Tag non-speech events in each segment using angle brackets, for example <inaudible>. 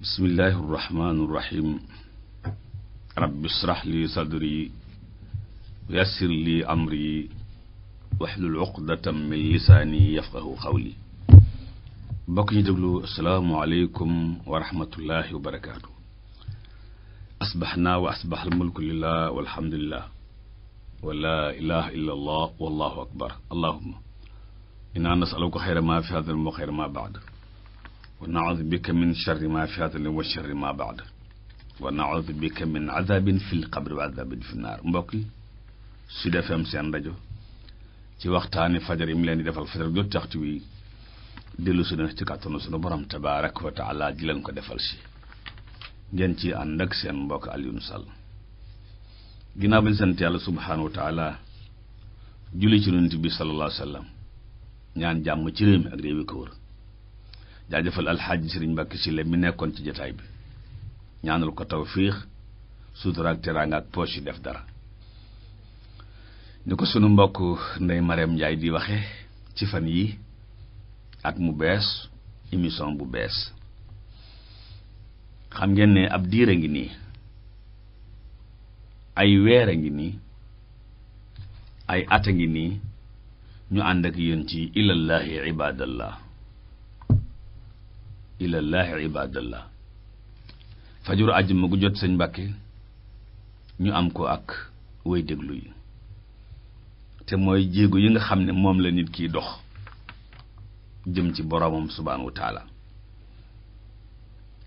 bismillahi irrahmani irrahim rabbi israh li sadri wa yassir li amri waxlul uqdatan min lisaani yafqahu qawli mbokk ñu déglu asalaamualeykum wa rahmatullahi wa barakaatu asbaxnaa wa asbax almulku lillah walhamdulillah wa laa ilaha illa allah wallahu akbar allahuma inna nasaluka xayra ma fi hada wa xayra ma baad wa bi bika min charri ma fi hatali wa charri ma baad wa naudu bika min azabin fil qabri wa azabin fi naar mbokk yi Sud seen rajo ci waxtaani fajar yi mu leen di defal fajar jot taxtu wi dellu si na ci kàttanu sunu borom tabaaraka wa taala ji leen ko defal si gen ci ànd ak seen mbokk Alioune Sall ginnaaw bi sant yàlla subhaanahu wa taala julli ci yonent bi sallallahu alayhi wa sallam ñaan jàmm ci réew mi ak réew jaajëfal alxaaji sëriñ Mbàkke sile mi nekkoon ci jataay bi ñaanal ko tawfiix sutura ak teraanga ak poche yi def dara ni ko sunu mbokk ndey Mareem Njaay di waxe ci fan yi at mu bees émission bu bees xam ngeen ne ab diir a ngi nii ay weer a ngi nii ay at a ngi nii ñu ànd ak yéen ci ilallahi ibadallah ilallaahi ibadallah fajaru àjjuma jot sëñ Mbàkke ñu am ko ak woy déglu yi te mooy jéego yi nga xam ne moom la nit kiy dox jëm ci boromam subhaanahu wa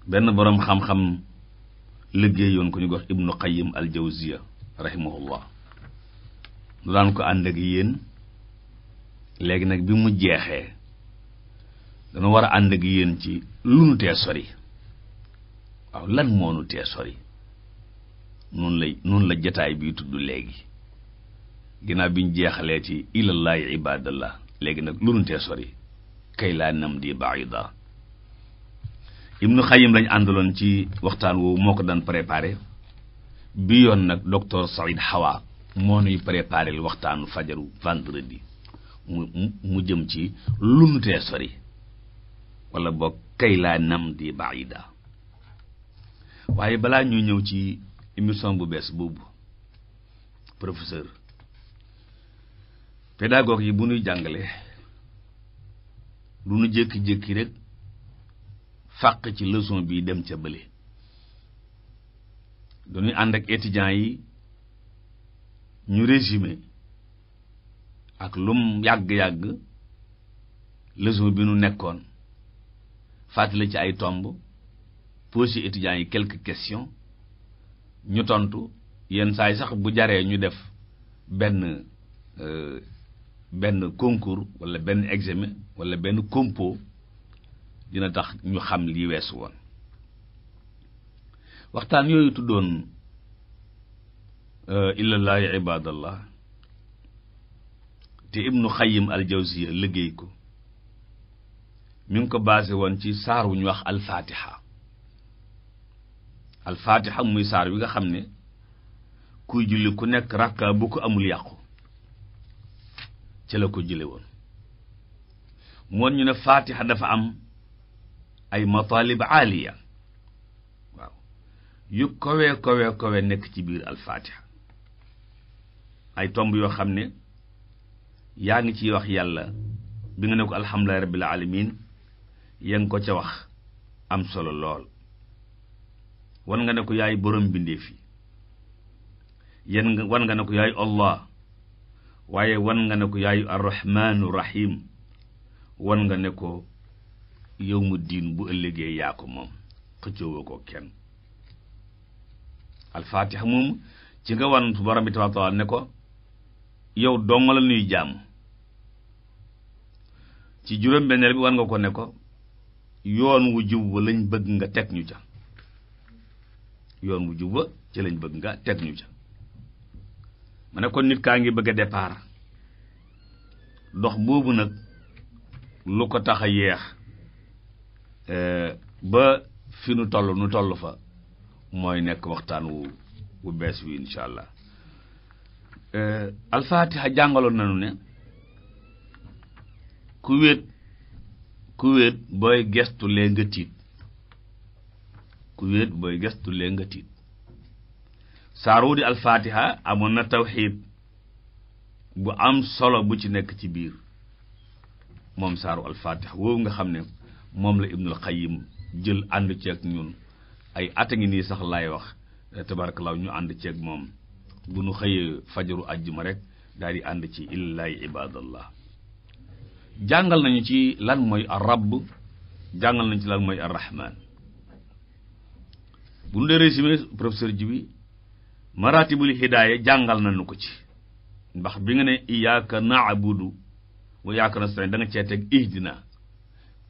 benn boroom xam-xam liggéey yoon ko ñu wax ibnu qayyim al jawziya rahimahullah nu daan ko ànd ak yéen léegi nag bi mu jeexee dana war a ànd ak yéen ci lu nu tee sori waaw lan moo nu tee sori nun la nun la jataay bi tudd léegi ginnaaw bi ñu jeexalee ci ilallahi ibadallah léegi nag lu nu tee sori kaylaanam di nam di baida ibnu xayim lañ àndaloon ci waxtaan woowu moo ko daan préparé bi yoon nag docteur Saïd Hawa moo nuy préparé waxtaanu fajaru vendredi mu mu jëm ci lu nu tee sori wala bokk kay laa nam di waaye balaa ñu ñëw ci émission bu bees boobu professeur pédagogue yi bu ñuy jàngale du ñu jékki-jékki rek fàq ci leçon bi dem ca bële dañuy ànd ak étudiants yi ñu résumé ak lum yàgg-yàgg leçon bi nu nekkoon fàttali ci ay tomb poser étudiants yi quelques questions ñu tontu yenn saa sax bu jaree ñu def benn euh, benn concours walla benn examen wala benn compo dina tax ñu xam li weesu woon waxtaan yooyu tuddoon euh, illallah ibadallah te ibnu xayim al jawziya liggéey ko mi ngi ko basé woon ci saar wu ñu wax alfaatiha alfaatiha muy saar wi nga xam ne kuy julli ku nekk rakka bu ko amul yàqu ci la ko jële woon moon ñu ne faatiha dafa am ay matalib aaliya waaw yu kowe kowe kowe nekk ci biir alfaatiha ay tomb yoo xam ne yaa ngi ci wax yàlla bi nga ne ko alhamdulillahi rabbil alamin ya ko ca wax am solo lool wan nga ne ko yaay borom bindeef yi yan nga wan nga ne ko yaay allah waaye wan nga ne ko yaayu arrahmaanu rahim wan nga ne ko yow mu diin bu ëllëgee yaa ko moom xëccoowoo ko kenn alfaatiha moom ci nga wan borom bi tabaaraka ne ko yow dong la nuy jàmm ci juróom-benneel bi wan nga ko ne ko yoon wu jiw wa lañ bëgg nga teg ñu ca yoon wu jiw wa ci lañ bëgg nga teg ñu ca ma ne kon nit kaa ngi bëgg a départ dox boobu nag lu ko tax a yeex eh, ba fi nu toll nu toll fa mooy nekk waxtaan wu wu bees wi incha allah eh, alfaatiha jàngaloon nañu ne ku wéet ku booy gestu lee nga tiit ku wéet booy gestu lee nga tiit di alfaatiha amoon na tawxiid bu am solo bu ci nekk ci biir moom saaru alfaatiha woowu nga xam ne moom la ibnul xayim jël ànd ceeg ñun ay at a ngi nii sax laay wax tabarakalaaw ñu ànd ceeg moom bu nu xëyee fajaru àjjuma rek daal di ànd ci illaahi ibaadallah jàngal nañu ci lan mooy ar jàngal nañu ci lan mooy ar-rahman bu ñu dee résumé professeur Djibi maratibul hidaaya jàngal nañu ko ci ndax bi nga ne naa na'budu wa iyyaka nasta'in da danga cee teg ihdina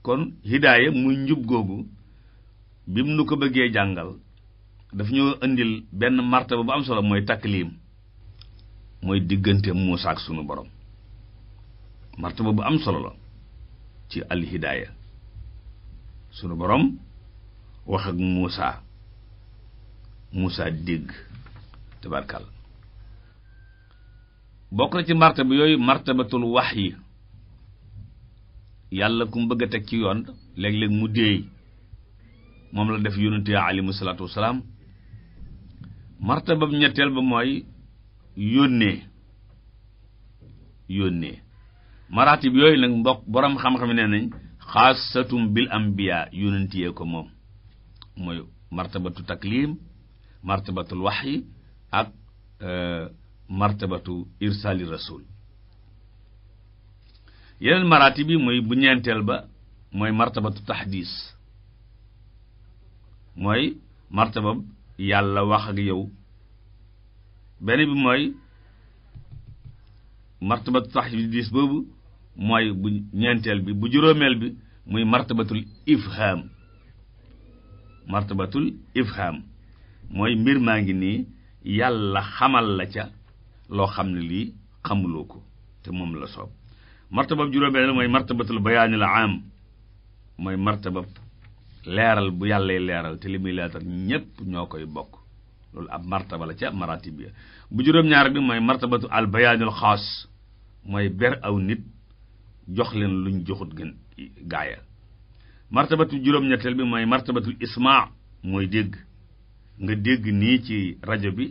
kon hidaaya muy njub googu bi mu nu ko bëggee jàngal daf ñoo indil benn martaba bu am solo mooy takliim mooy diggante Muusaa ak sunu borom martaba bu am solo la ci alhidaaya sunu boroom wax ak Muusa Muusa dégg tabarkal bokk na ci martaba yooyu martabatul wax yi yàlla ku mu teg ci yoon léeg-léeg mu déey moom la def yonente ya alayhi salaatu wasalaam martabab mooy yónnee yónnee maratib yooyu nag mboq borom xam-xam nee nañ xaasatum bil ambiya yonentiyee ko moom mooy martabatu taklim martabatul waxyi ak euh, martabatu irsali rasul yeneen maraati bi mooy bu ñeenteel ba mooy martabatu taxdiis mooy martaba yàlla wax ak yow benn bi mooy martabatu taxdiis boobu mooy bu ñeenteel bi bu juróomeel bi muy martabatul ifham martabatul ifham mooy mbir maa ngi nii yàlla xamal la ca loo xam ne lii xamuloo ko te moom la soob martabab juróomeel mooy martabatul bayaanil am mooy martabab leeral bu yàlla leeral te li muy leeral ñépp ñoo koy bokk loolu ab martaba la ca maratib ya bu juróom-ñaar bi mooy martabatu al bayaanul xaas mooy ber aw nit jox leen luñ joxut gën gaaya martabatu juróom-ñetteel bi mooy martabatul isma mooy dégg nga dégg nii ci rajo bi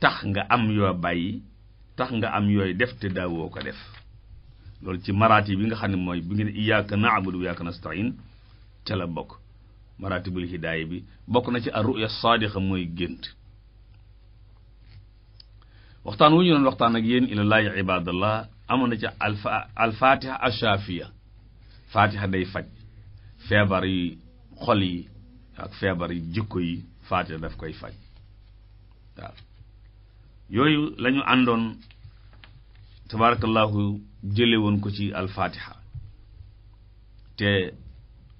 tax nga am yoo bàyyi tax nga am yooy def te daawoo ko def loolu ci maraati bi nga xam ne mooy bi ngeen iyyaka na'budu wa iyyaka nasta'in te la bokk maratibul hidaaya bi bokk na ci ar-ru'ya saadiqa mooy gént waxtaan wu ñu doon waxtaan ak yéen ila laahi amoon na ca alfa alfatiha achafiya day faj feebar yi xol yi ak feebar yi jikko yi fatiha daf koy faj yooyu lañu àndoon tabarakallahu jële woon ko ci alfatiha te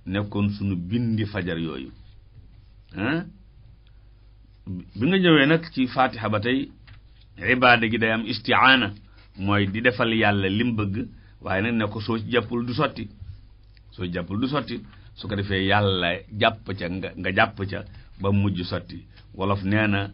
nekkoon sunu bindi fajar yooyu bi nga ñëwee nag ci fatiha ba tey ibaada gi day am istiaana mooy di defal yàlla lim bëgg waaye nag ne ko soo jàppul du sotti soo jàppul du sotti su ko defee yàlla jàpp ca nga nga jàpp ca ba mujj sotti wolof nee na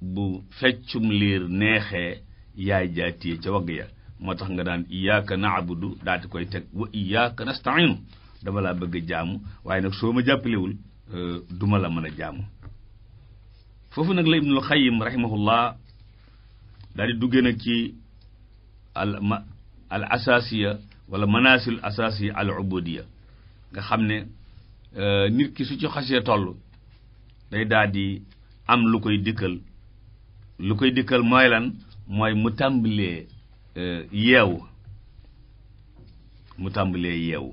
bu feccum liir neexee yaay jaatiyee ca wagg ya moo tax nga daan iyyaka na'budu di koy teg wa na nasta'inu dama laa bëgg a jaamu waaye nag soo ma jàppalewul euh, duma la mën a jaamu foofu nag la Ibnul Xayyim rahimahullah daal di duggee nag ci al ma al wala manasil asasiya al ubudiya nga xam ne euh, nit ki su ci xasee toll day daal am lu koy dikkal lu koy dikkal mooy lan mooy mu tàmbalee euh, yeewu mu tàmbalee yeewu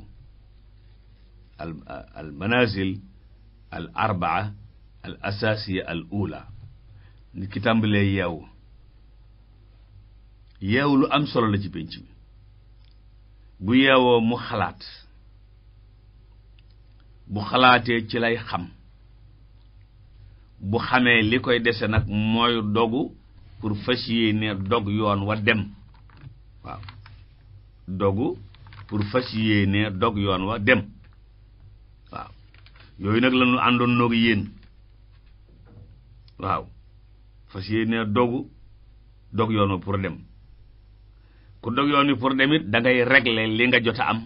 al al manasil al arbaa al asasiya al ula nit ki tàmbalee yeewu yeewu lu am solo la ci pénc mi bu yeewoo mu xalaat bu xalaatee ci lay xam bu xamee li koy dese nag mooy dogu pour fas yéene dog yoon wa dogu pour fas yéene dog yoon wa dem waaw yooyu nag lañu àndoon noog yéen waaw fas yéene dogu dog yoon wa pour dem ku dog yoon wi pour demit dangay da ngay régler li nga jot a am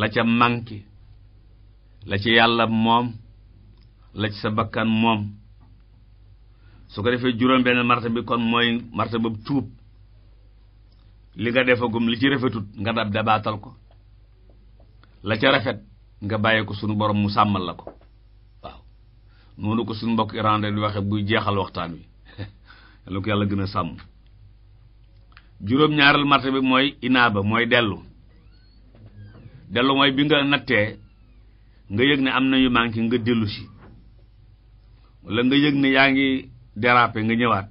la ca manqué la ci yàlla moom la ci sa bakkan moom su ko defee juróom-benn marta bi kon mooy marta boobu tuub li nga defagum li ci rafetut nga dab dabaatal ko la ca rafet nga bàyyi ko sunu borom mu sàmmal la ko waaw noonu ko sunu mbokk irande di waxe buy jeexal waxtaan wi lu <laughs> ko yàlla gën a sàmm juróom-ñaaral marta bi mooy ba mooy dellu dellu mooy bi nga nattee nga yëg ne am na yu nga dellu si wala nga yëg ne yaa ngi déraper nga ñëwaat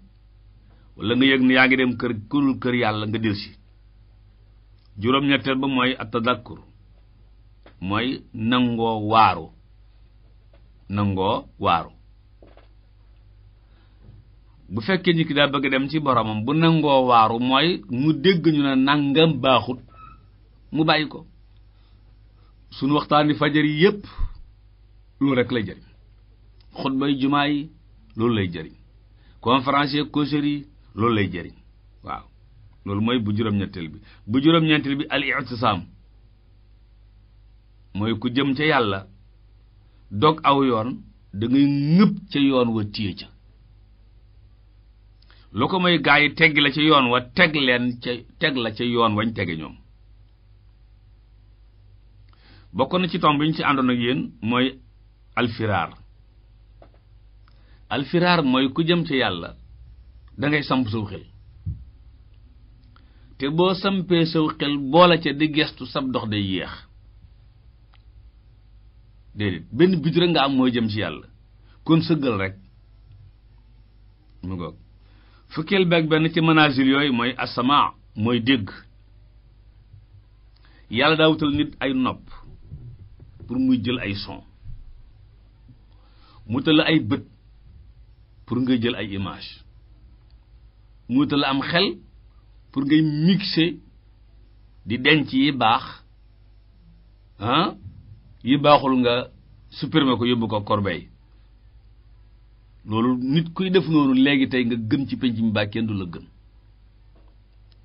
wala nga yëg ne yaa ngi dem kër kurul kër yàlla nga dellu juróom-ñetteel ba mooy at-tadakkur mooy nangoo waaru nangoo waaru bu fekkee nit ki daa bëgg dem ci boromam bu nangoo waaru mooy mu dégg ñu ne nangam baaxut mu bàyyi ko sunu waxtaani fajar yi yépp loolu rek lay jëriñ xutbay jumaa yi loolu lay jëriñ conférence yeeg yi loolu lay jëriñ waaw loolu mooy bu juróom-ñetteel bi bu juróom-ñetteel bi al i'tisam mooy ku jëm ca yàlla dog aw yoon da ngay ngëb ca yoon wa téye ca lu ko moy gaa yi teggi la ca yoon wa teg leen ca teg la ca yoon wañ tege ñoom bokk na ci tomb bi ñu ci àndoon ak yéen mooy alfiraar alfiraar mooy ku jëm ci yàlla dangay ngay samp saw xel te boo sampee saw xel boola ca di gestu sab dox day yéex benn bidra nga am mooy jëm ci yàlla kon sëggal rek mu fukkeel beeg benn ci manazil yooyu mooy asama mooy dégg yàlla daa wutal nit ay nopp pour muy jël ay son mu wutal ay bët pour nga jël ay image mu wutal am xel pour ngay mixer di denc yi baax ah yi baaxul nga supprimer ko yóbbu ko korbey loolu nit kuy def noonu léegi tey nga gën ci penc mi baa kenn du la gën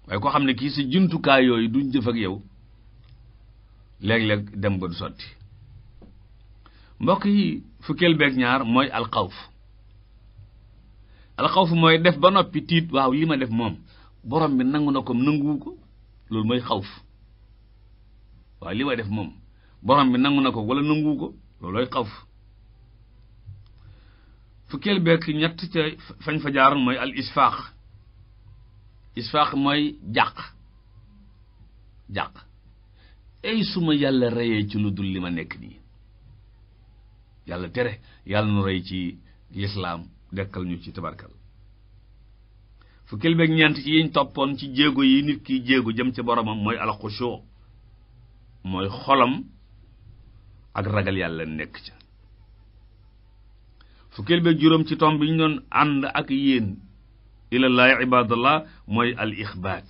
waaye ko xam ne kii si jumtukaay yooyu duñ jëf ak yow léeg-léeg dem ba du sotti mbokk yi fukkeel beeg ñaar mooy alxawf alxawf mooy def ba noppi tiit waaw li ma def moom borom bi nangu na ko nanguwu ko loolu mooy xawf waaw li ma def moom borom bi nangu na ko wala nanguwu ko loolooy xawf fukkeel bekk ñett ca fañ fa jaaroon mooy mooy jàq jàq suma yàlla reyee ci lu li ma nekk nii yàlla tere yàlla nu rey ci lislaam dekkal ñu ci tabarkal fukkeel bekk ñeent ci yiñ toppoon ci jéego yi nit ki jéego jëm ci boromam mooy alxusoo mooy xolam ak ragal yàlla nekk ca fukkeel beeg juróom ci tomb bi ñu doon ànd ak yéen ilallaahi ibadallah mooy al ixbaat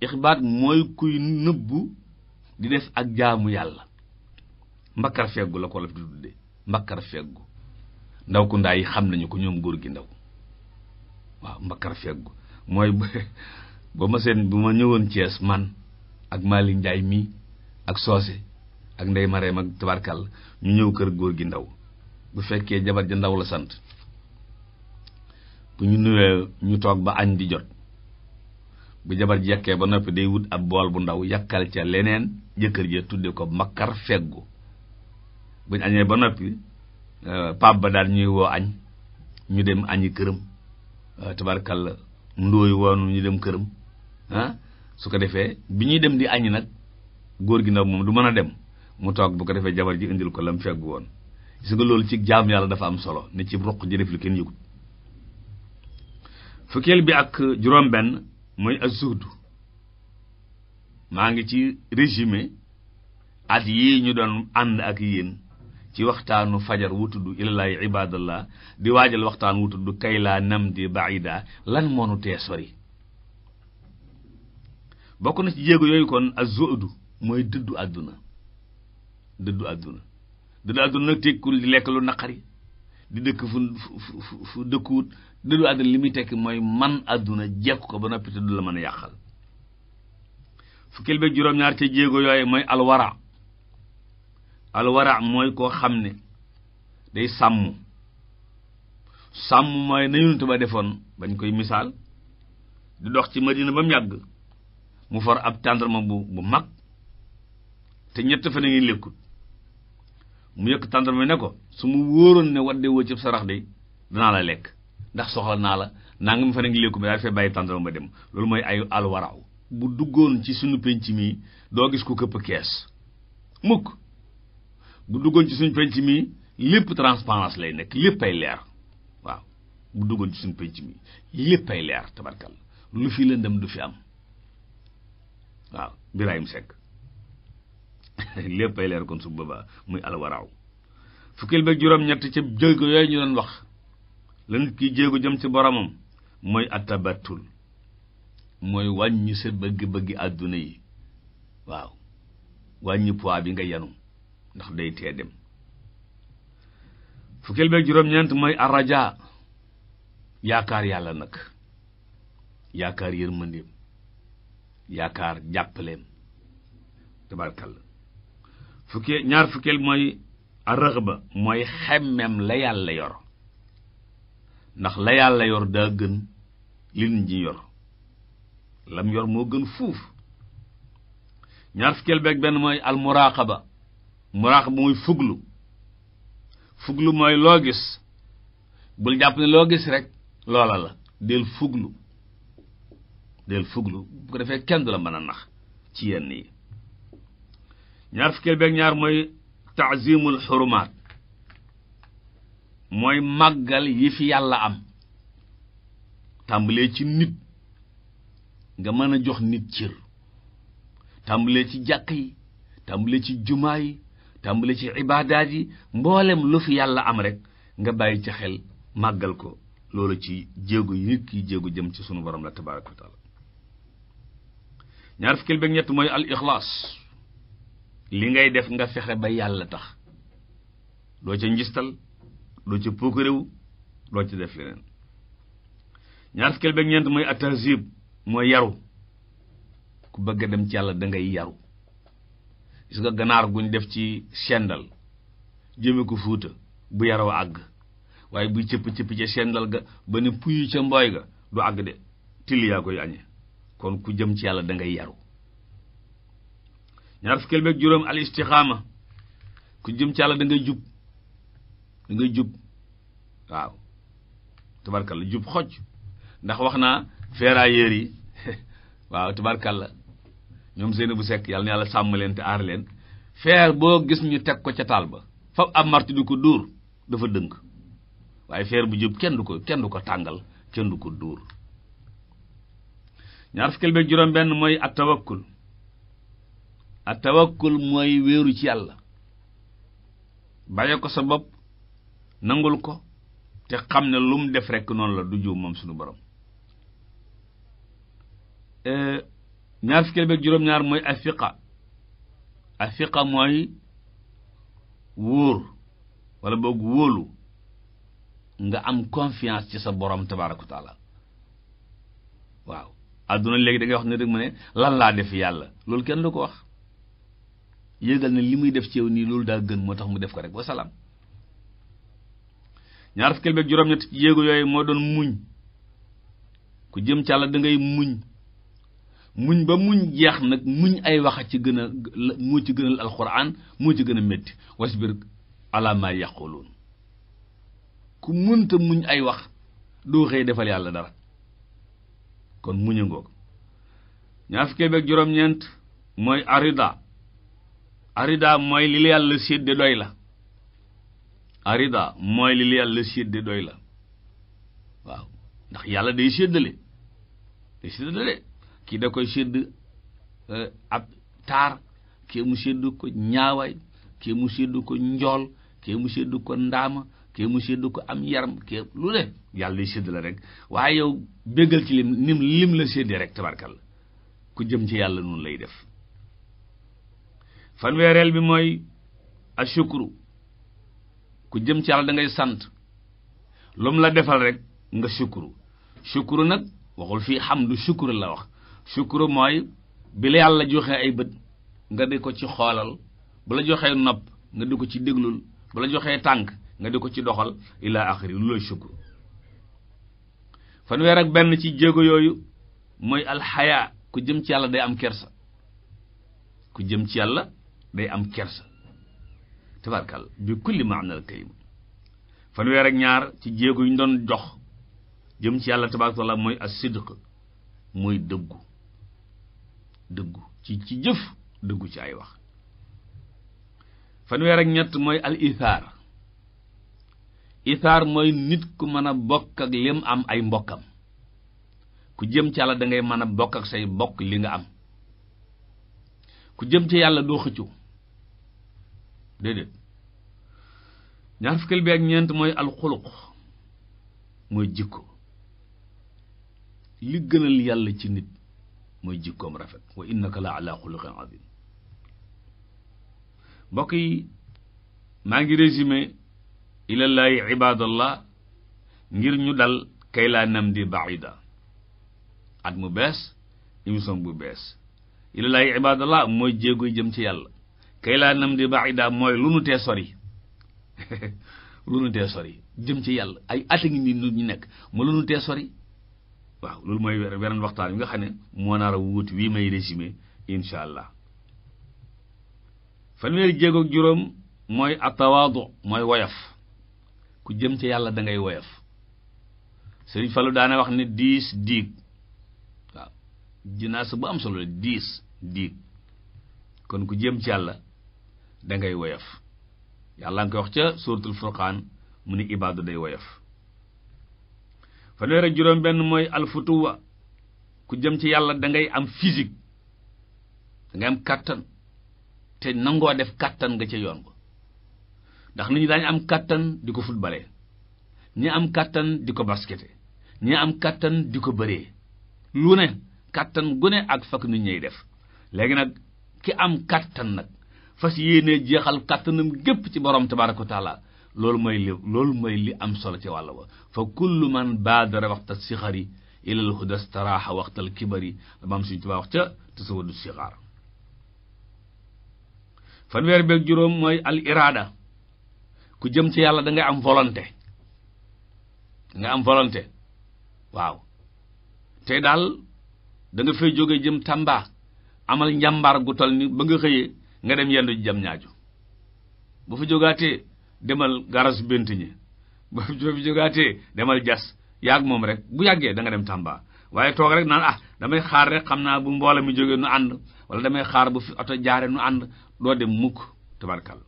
ixbaat mooy kuy nëbbu di def ak jaamu yàlla mbakkar feggu la ko la fi tudde mbakkar feggu ndaw ku ndaa yi xam nañu ko ñoom góor gi ndaw waaw mbakkar feggu mooy ba ma seen bu ma ñëwoon Cees man ak Malick Ndiaye mii ak soose ak Ndey Mareem ak tabarkal ñu ñëw kër góor gi ndaw bu fekkee jabar ja ndaw la sant bu ñu nuwee ñu toog ba añ di jot bu jabar ji yekkee ba noppi day wut ab bool bu ndaw yàkkal ca leneen jëkkër ja tudde ko makkar feggu buñ añee ba noppi euh, pap ba daal ñuy woo añ ñu dem añi këram euh, tabarkalla ndóoy woonu ñu dem këram ah, su ko defee bi ñuy dem di añi nag góor gi ndaw moom du mën a dem mu toog bu ko defee jabar ji indil ko lam feggu woon gis nga loolu ci jaam yàlla dafa am solo ne ci roq ji def lu kenn yëgut fukkeel bi ak juróom-benn mooy az-zuhd maa ngi ci résumé at yii ñu doon ànd ak yéen ci waxtaanu fajar wu tudd ilalaay ibadallah di waajal waxtaan wu tudd kay laa nam di baida lan tee sori bokk na ci jéego yooyu kon az-zuhd mooy dëddu àdduna dëddu àdduna dund àdduna nag tekkul di lekk lu naqari di dëkk fu fu fu dëkkuwut dund àdduna li muy tekki mooy man àdduna jekk ko ba noppi te du la mën a yàqal fukkil beeg juróom-ñaar ca jéego yooyu mooy alwara alwara mooy koo xam ne day sàmm sàmm mooy na yonent ba defoon bañ koy misaal di dox ci madina ba mu yàgg mu for ab tàndarma bu mag te ñett fa na ngi lekkut mu yëkk tàndarma ne ko su mu wóoroon ne wadde woo ci sarax de danaa la lekk ndax soxla naa la naa nga mu fa nekk léeku mi daal fee bàyyi tàndarma ma dem loolu mooy ay alwaraaw bu duggoon ci suñu penc mi doo gis ko këpp kees mukk bu duggoon ci suñu penc mi lépp transparence lay nekk lépp ay leer waaw bu duggoon ci suñu penc mi lépp ay leer tabarkal lu fii leen dem du fi am waaw Birahim sekk <laughs> lépp ay leer kon su boobaa muy alwaraaw fukkil beeg juróom-ñett ca jéego yooyu ñu doon wax la nit ki jéego jëm ci boromam mooy atabatul mooy wàññi sa bëgg-bëggi àdduna yi waaw wàññi poids bi nga yanu ndax day tee dem mooy araja yaakaar yàlla nag yaakaar yërmandeem yaakaar jàppaleem tabarkalla fukkee ñaar fukkeel mooy arraxba mooy xemmem la yàlla yor ndax la yàlla yor daa gën li nit ñi yor lam yor moo gën fuuf ñaar fukkeel beeg benn mooy al muraqaba muraqaba mooy fuglu fuglu mooy loo gis bul jàpp ne loo gis rekk loola la del fuglu del fuglu bu ko defee kenn du la mën a nax ci yenn yi ñaar fukkeel beeg ñaar mooy taazimul xurumaat mooy màggal yi fi yàlla am tàmbalee ci nit nga mën a jox nit cër tàmbalee ci jàq yi tàmbalee ci jumaa yi tàmbalee ci ibaadaat yi mboolem lu fi yàlla am rekk nga bàyyi ci xel màggal ko loolu ci jéego yi nit ki jëm ci sunu borom la tabaaraka wa ñaar fukkeel beeg ñett mooy al li ngay def nga fexe ba yàlla tax doo ca njistal doo ca puukaréew doo ca def leneen ñaar fukkeel beeg ñeent mooy attasib mooy yaru ku bëgg a dem ci yàlla dangay ngay yaru gis nga ganaar guñ def ci sendal jëme ko fuuta bu yaroo àgg waaye buy cëpp cëpp ca sendal ga ba ne puyu ca mbooy ga du àgg de till yaa koy añe kon ku jëm ci yàlla dangay yaru ñaar fukkeel beeg juróom al istixaama ku jëm ci yàlla dangay jub da jub waaw tubarkalla jub xoj ndax wax naa yér yi <laughs> waaw la ñoom seen bu sekk yàlla na yàlla sàmm leen te aar leen feer boo gis ñu teg ko ca taal ba fab am marti du ko dóor dafa dëng waaye feer bu jub kenn du ko kenn du ko tàngal kenn du ko dóor ñaar fukkeel beeg juróom benn mooy at tawakkul a tawakkul mooy wéeru ci yàlla bàyyi ko sa bopp nangul ko te xam ne lu mu def rekk noonu la du juum moom suñu borom e, ñaar fukkeel beeg juróom-ñaar mooy afiqa afiqa mooy wóor walla boog wóolu nga am confiance ci sa boroom tabaaraka wa waaw adduna léegi da ngay wax ne rek mu ne lan laa def yàlla loolu kenn du ko wax yéegal na li muy def ci nii loolu daa gën moo tax mu def ko rek wa salaam ñaar fukkeel beeg juróom-ñett yéegu yooyu moo doon muñ ku jëm ci dangay muñ muñ ba muñ jeex nag muñ ay wax a ci gën a moo ci gënal alxuraan moo ci gën a métti wasbir alaa maa yaquluun ku mënta muñ ay wax doo xëy defal yàlla dara kon muñ a ngoog ñaar fukkeel beeg juróom-ñeent mooy arida arida mooy li la yàlla sédde doy la arida mooy li la yàlla sédde doy la waaw ndax yàlla day séddale day séddale kii da koy sédd eh, ab taar kii mu sédd ko ñaawaay kii mu sédd ko njool kii mu sédd ko ndaama kii sédd ko am yaram kii lu ne yàlla day sédd la rek waaye yow béggal ci lim lim la séddee rek tabarkal ku jëm ci yàlla noonu lay def fanweereel bi mooy ashukru ku jëm ci yàlla da ngay sant lu mu la defal rekk nga shukru shukru nag waxul fii xam hamdu shukru la wax shukru mooy bi la yàlla joxe ay bët nga di ko ci xoolal bu la joxee nopp nga di ko ci déglul bu la joxee tànk nga di ko ci doxal ila axiri lu lay shukru fanweer ak benn ci jéego yooyu mooy alxaya ku jëm ci yàlla day am kersa ku jëm ci yàlla day am kersa tabarkal bi kulli maanal karim fanweer ak ñaar ci jéego yu ñu doon dox jëm ci yàlla tabaraka taala mooy as-sidq mooy dëggu dëggu ci ci jëf dëggu ci ay wax fanweer ak ñett mooy al ithaar mooy nit ku mën a bokk ak lim am ay mbokkam ku jëm ci yàlla da mën a bokk ak say bokk li nga am ku jëm ci yàlla doo xëccoo déedéet ñaar bi ak ñeent mooy alxuluq mooy jikko li gënal yàlla ci nit mooy jikkoom rafet wa innaka la ala xuluqin azim mbokk yi maa ngi résumé ilallaahi ibadallah ngir ñu dal kay di baida at mu bees émission bu bees ilallaahi ibadallah mooy jéegoy jëm ci yàlla kay laa nam di baax daa mooy lu nu tee sori <laughs> lu nu tee sori jëm ci yàlla ay at a ngi nii ñu nekk ma lu nu tee sori waaw loolu mooy weneen waxtaan wi nga xam ne moo naar a wuuti wii may résumé incha allah fanweeri jéego ak juróom mooy atawaadu mooy woyof ku jëm ci yàlla da ngay woyof Sëriñ Fallu daane wax ne diis diig waaw jinaasa bu am solo diis diig kon ku jëm ci yàlla dangay ngay woyof yàlla nga koy wax ca suuratul furqaan mu ni ibaadu day woyof fanweer ak juróom benn mooy alfutuwa ku jëm ci yàlla dangay am physique da ngay am kàttan te nangoo def kàttan nga ca yoon ko ndax nit ñi daañu am kàttan di ko futbale ñi am kàttan di ko baskete ñi am kàttan di ko bëree lu ne kàttan gu ne ak fakk nit ñuy def léegi nag ki am kàttan nag fas yéenee jeexal kàttanam gépp ci boroom tabaaraka wa taala loolu mooy li loolu mooy li am solo ci wàll wa fa kullu man baadara waxta sixari ilal huda staraaxa waxtal kibari dama am suñu tubaa wax ca tasawadu sixaar fanweer beeg juróom mooy al iraada ku jëm ci yàlla dangay am volonté da nga am volonté waaw tey daal danga nga fay jóge jëm Tamba amal njàmbaar gu toll ni ba nga xëyee nga dem yendu ji jam ñaaju bu fa jógaatee demal garas bent ñi bu fa jógaatee demal jas yaag moom rek bu yàggee da nga dem Tamba waaye toog rek naan ah damay xaar rek xam naa bu mbooloo mi jógee nu ànd wala damay xaar bu fi oto jaare nu ànd doo dem mukk tabarkal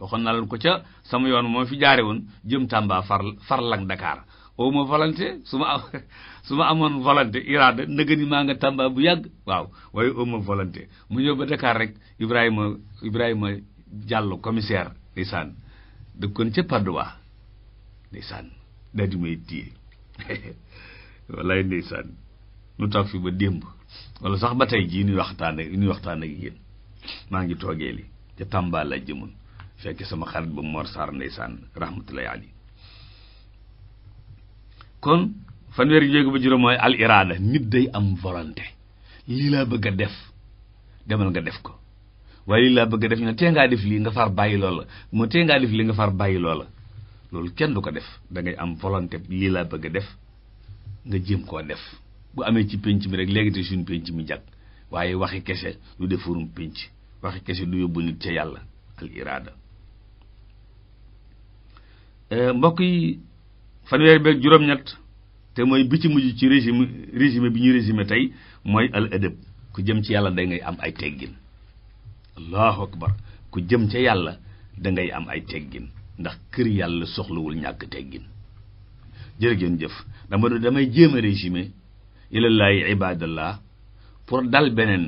waxoon naa leen ko ca sama yoon moo fi jaare woon jëm Tamba far far lang Dakar aw ma volonté su ma <laughs> ma amoon volonté iraada nëgëni maa nga Tamba bu yàgg waaw waaye aw ma mu ñëw ba Dakar rek Ibrahima Ibrahima Diallo commissaire ndeysaan dëkkoon ca Padoa ndeysaan daal di may téye <laughs> wallaay ndeysaan nu toog fi ba démb walla sax ba tey jii nuy waxtaan ak nuy waxtaan ak yéen maa ngi toogee li ca Tamba la jëmoon fekk sama xarit ba Mor Sarr ndeysaan rahmatullahi alayhi kon fanweeri jéego ba juróom mooy al iraada nit day am volonté lii laa bëgg a def demal nga def ko waaye lii laa bëgg a def ñu tee ngaa def lii nga far bàyyi loola mu tee ngaa def lii nga far bàyyi loola loolu kenn du ko def dangay am volonté lii laa bëgg a def nga jëm koo def bu amee ci pénc mi rek léegi te suñu pénc mi jag waaye waxi kese du defarum pénc waxi kese du yóbbu nit ca yàlla al iraada eh, mbokk yi fanweer beeg juróom-ñett te mooy bi ci mujj ci régime régime bi ñu régime tey mooy al adab ku jëm ci yàlla da ngay am ay teggin allahu akbar ku jëm ca yàlla da ngay am ay teggin ndax kër yàlla soxlawul ñàkk teggin jërëgéen jëf dama doon damay jéem a régime ilallaahi ibadallah pour dal beneen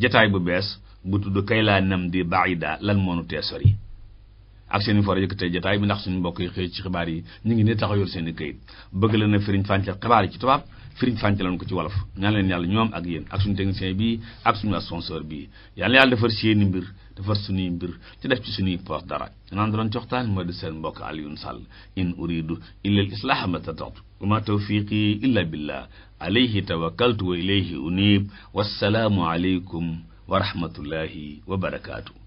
jataay bu bees bu tudd kay laa nam di baida lan moonu teesor yi ak seen i for yëkkatee jotaay bi ndax suñu mbokk yi xëy ci xibaar yi ñu ngi ne taxaw yor seen i këyit bëgg la na firiñ fàncal xibaar yi ci tubaab firiñ fàncaloon ko ci wolof ñaan leen yàlla ñoom ak yéen ak suñu technicien bii ak suñu sponsor bii yàlla yàlla defar seeni mbir defar suñuy mbir ci def ci suñuy poos dara naan doon coxtaan moo di seen mbokk Alioune Sall in uridu illa al islaha ma tatatu wa ma tawfiqi illa billah alayhi tawakkaltu wa ilayhi unib wassalaamu aleykum wa rahmatullahi wa barakaatu